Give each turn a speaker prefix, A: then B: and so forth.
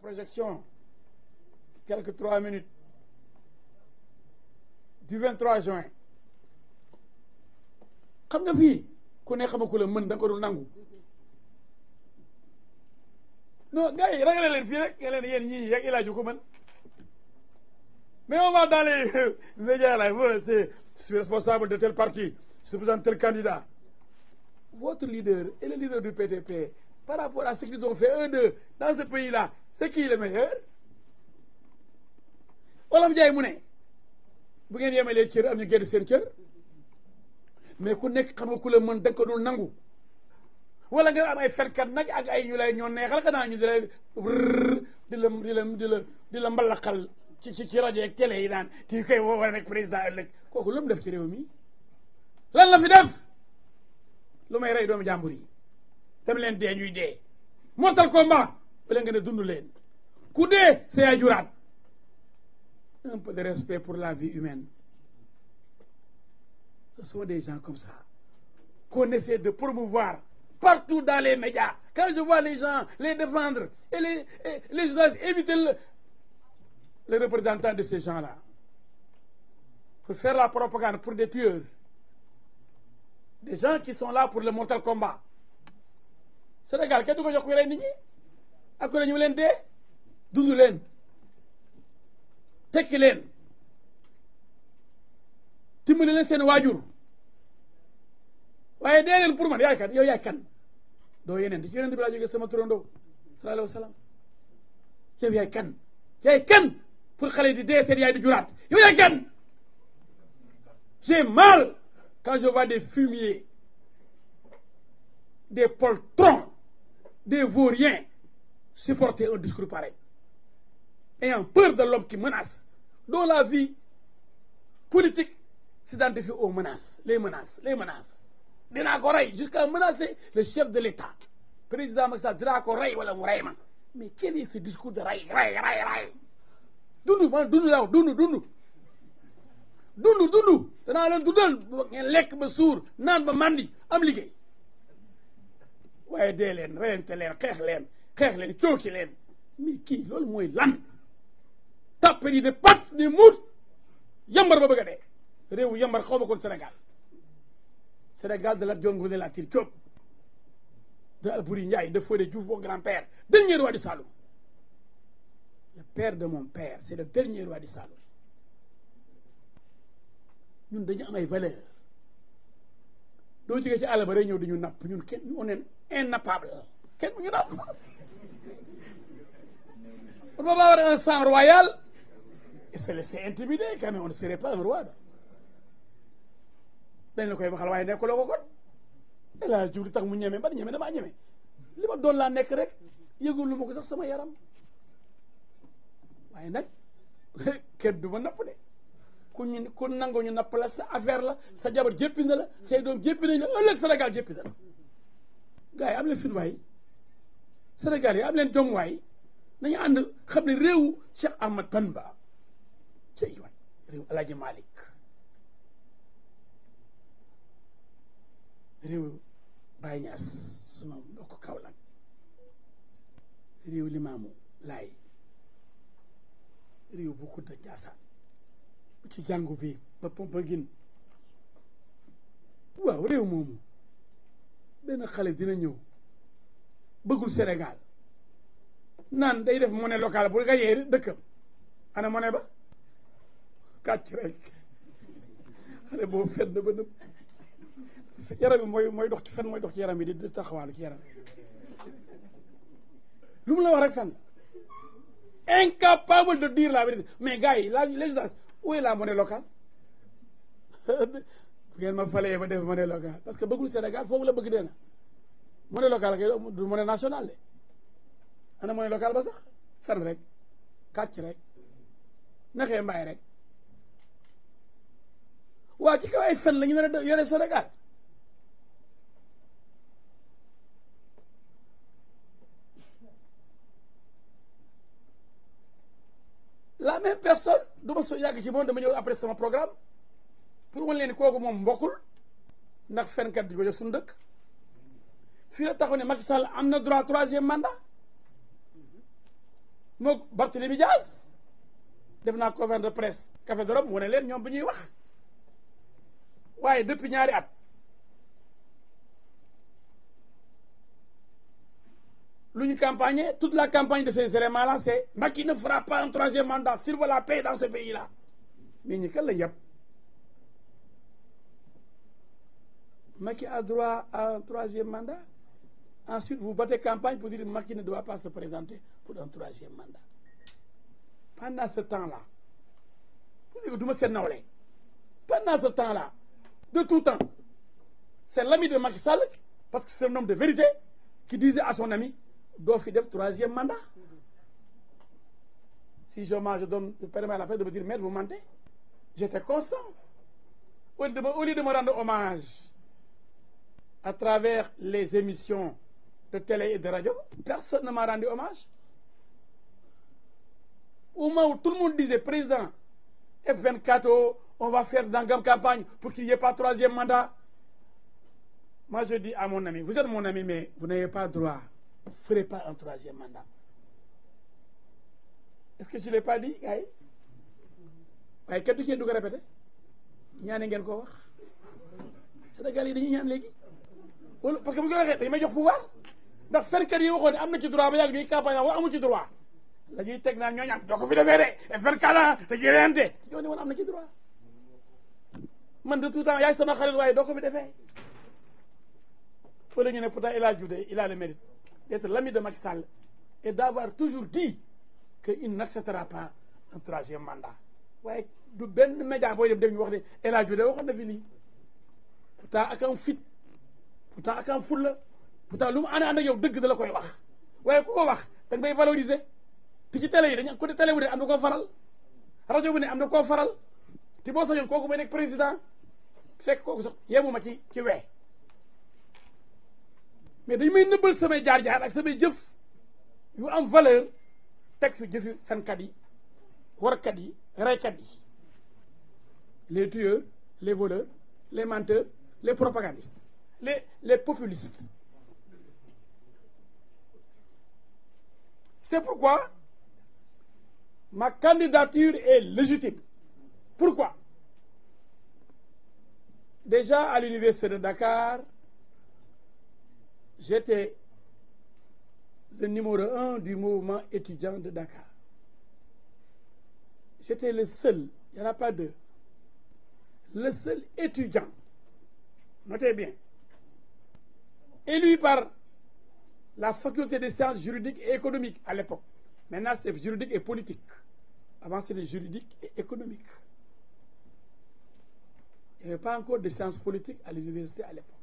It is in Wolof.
A: projection quelques trois minutes du 23 juin xam nga fi ku ne xama ku la mën da nga ko dul nangu non gars yi ragale leen fii rek nga leen yéen ñii yeeg ilaaju ko mën mais on va dans les la là c'est je suis responsable de tel parti je suis président de tel candidat votre leader et p leader du par rapport à ce qu'ils ont fait eux deux dans ce pays-là c'est qui mu ne bu ngeen yemalee cër am ñu gedd seen cër mais ku nekk xam nga ku la mën da ko dul nangu wala nga am ay fenkat nag ak ay ñu lay ñoo neexal xanaa ñu di lay di la di di la di la ci ci ci rajo yeeg yi daan président ëllëg kooku lu def ci réew lan la fi def lu may rey doomu jàmbur yi dem leen dee ñuy dee montal combat wala nga ne dund leen ku dee sa yaay un peu de respect pour la vie humaine ce sont des gens comme ça qu'on essaie de promouvoir partout dans les médias quand je vois les gens les défendre et les et les journalistes éviter le les représentants de ces gens-là pour faire la propagande pour des tueurs des gens qui sont là pour le mortal combat Sénégal kenn du ko jox ku rey nit ñi ak ku ne ñu leen dee dund leen tekki leen dimbali leen seen waajur waaye dee leen pour man yaay kan yow yaay kan doo yeneen di ci yeneen bi laa jógee sama turandoo sallallahu alayhi wa sallam yaay kan yaay kan pour xale di dee seen yaay di juraat yow yaay kan j'ai mal quand je vois des fumiers des poltrons des vauriens supporter un discours pareil ayant peur de l'homme qui menace dont la vie politique s'identifie aux menaces les menaces les menaces
B: dinaa ko rey
A: jusqu'à menacer le chef de l'État président Macky Sall dinaa ko rey wala mu rey ma mais quel est ce discours de rey rey rey rey dund man dund laaw dund dund dund dund danaa leen dundal ngeen lekk ba suur naan ba mandi am liggéey waaye dee leen reyante leen xeex leen xeex leen leen kii loolu mooy lan tàppe di ne pat ne muut yambar ba bëgg a dee yambar xaw ma koon Sénégal Sénégal de la Dior Ngoné Latyr Diop de Albouri Ndiaye de Fodé Diouf mon grand-père dernier roi du le père de mon père c'est dernier roi du Saloum ñun dañu am ay valeur doo jógee ci àll ba rek ñëw dañu napp ñun kenn ñu on est innappable kenn ñu napp on va avoir un sang royal et se laisser intimider quand même on ne serait pas un roi dañ la koy waxal waaye nekkuloo ko kon El Hadj Diouf tax mu ñeme ban ñeme damaa ñeme li ma doon laa nekk rek yëgul lu ma sax sama yaram waaye nag kenn du ma napp de ku ñu ku nangoo ñu napp sa affaire la sa jabar jéppi na la say doom jéppi nañ la ëllëg Sénégal jéppi na am leen fit waay Sénégal yi am leen jom waay nañu ànd xam ne réewu Cheikh Ahmad Bamba cey waay réewu El Hadj Malick réewu Baye Niass suma mbokk Kaolack réewu Limaamu Laay réew bu Kunta ci jàngu bi ba Popenguine waaw réew moomu benn xale dina ñëw bëggul senegal naan day def monnaie locale bu gayee dëkkam ana monnaie ba kàcc rek xale boobu fen na ba nëb yaram mooy mooy dox ci mooy dox ci yaram bi di taxawaalu ci yaram lu la wax rek incapable de dire la vérité mais gars yi la législation où est la monnaie locale bu parce que bëggul senegal foofu la bëgg dee na monnaie locale kay du monnaie nationale de ana monnaie locale ba sax fen rek kàcc rek naxee mbaay rek waa ci kaw fen la ñu nar a yore Sénégal personne du ma so yàgg ci moom dama ñëw après sama programme pour wan leen kooku moom mbokkul ndax fenkat di ko def suñu dëkk fii la taxaw ne Macky Sall am na droit troisième mandat moo Barthélémy Dias def naa conférence de presse Café de Rome wane leen ñoom bu ñuy wax waaye depuis ñaari at lu ñu campagne toute la campagne de ces éléments là c' est Macky ne fera pas un troisième mandat s'il veut paix dans ce pays là mais ñi kan la yëpp Macky a droit à un troisième mandat ensuite vous battez campagne pour dire Macky ne doit pas se présenter pour un troisième mandat pendant ce temps là vous dites du ma seen nawle pendant ce temps la de tout temps c'est l'ami de Macky Sall parce que c'est nom homme de vérité qui disait à son ami doo fi def troisième mandat si je mens je donne je à la presse de me dire maître vous mentez j'étais constant au de me, au de me rendre hommage à travers les émissions de télé et de radio personne ne m'a rendu hommage au moment où tout le monde disait président F24 on va faire d'angam campagne pour qu'il n'y ait pas troisième mandat moi je dis à mon ami vous êtes mon ami mais vous n'avez pas droit ferait pas un troisième mandat est que je l'ai pas dit gars yi waaye kenn du cee dugg a répété ñaane ngeen koo wax Sénégal yi dañuy ñaan léegi wala parce que bu ñu ko waxee dañu may jox pouvoir ndax fenkat yi waxoon ne am na ci droit ba yàgg dañuy campagne naa wala amu ci droit la ñuy teg naan ñooñu am doo ko fi defee de fenkat la dañuy reyante ñoo ne woon am na ci droit man de tout temps yaay sama xarit waaye doo ko fi defee wala ñu ne pourtant il a judé il a le d'être l'ami de Macky Sall et d'avoir toujours dit qu'il n'acceptera pas un troisième mandat waaye du benn média booy dem dégg ñu wax ne El Hadj Diouf waxoon na fi lii pourtant ak am fit pourtant ak am fulla pourtant lu mu ànd ànd ak yow dëgg da la koy wax waaye ko ko wax da nga koy valoriser te ci télé yi dañu côté télé bu ne am na koo faral rajo wu ne am na koo faral te boo sañoon kooku mooy nekk président fekk kooku sax yemu ma ci ci wee mais dañ may nëbbal samay jaar-jaar ak samay jëf yu am valeur teg fi jëfi fenkat yi warkat yi reykat yi les tueurs les voleurs les menteurs les propagandistes les les populistes c'est pourquoi ma candidature est légitime pourquoi déjà à l'université de Dakar j'étais le numéro un du mouvement étudiant de Dakar j'étais le seul il n'y en pas deux le seul étudiant notez bien élu par la faculté de sciences juridiques et économiques à l'époque maintenant c'est juridique et politique avant c'était juridique et économiques il n'y pas encore de sciences politiques à l'université à l'époque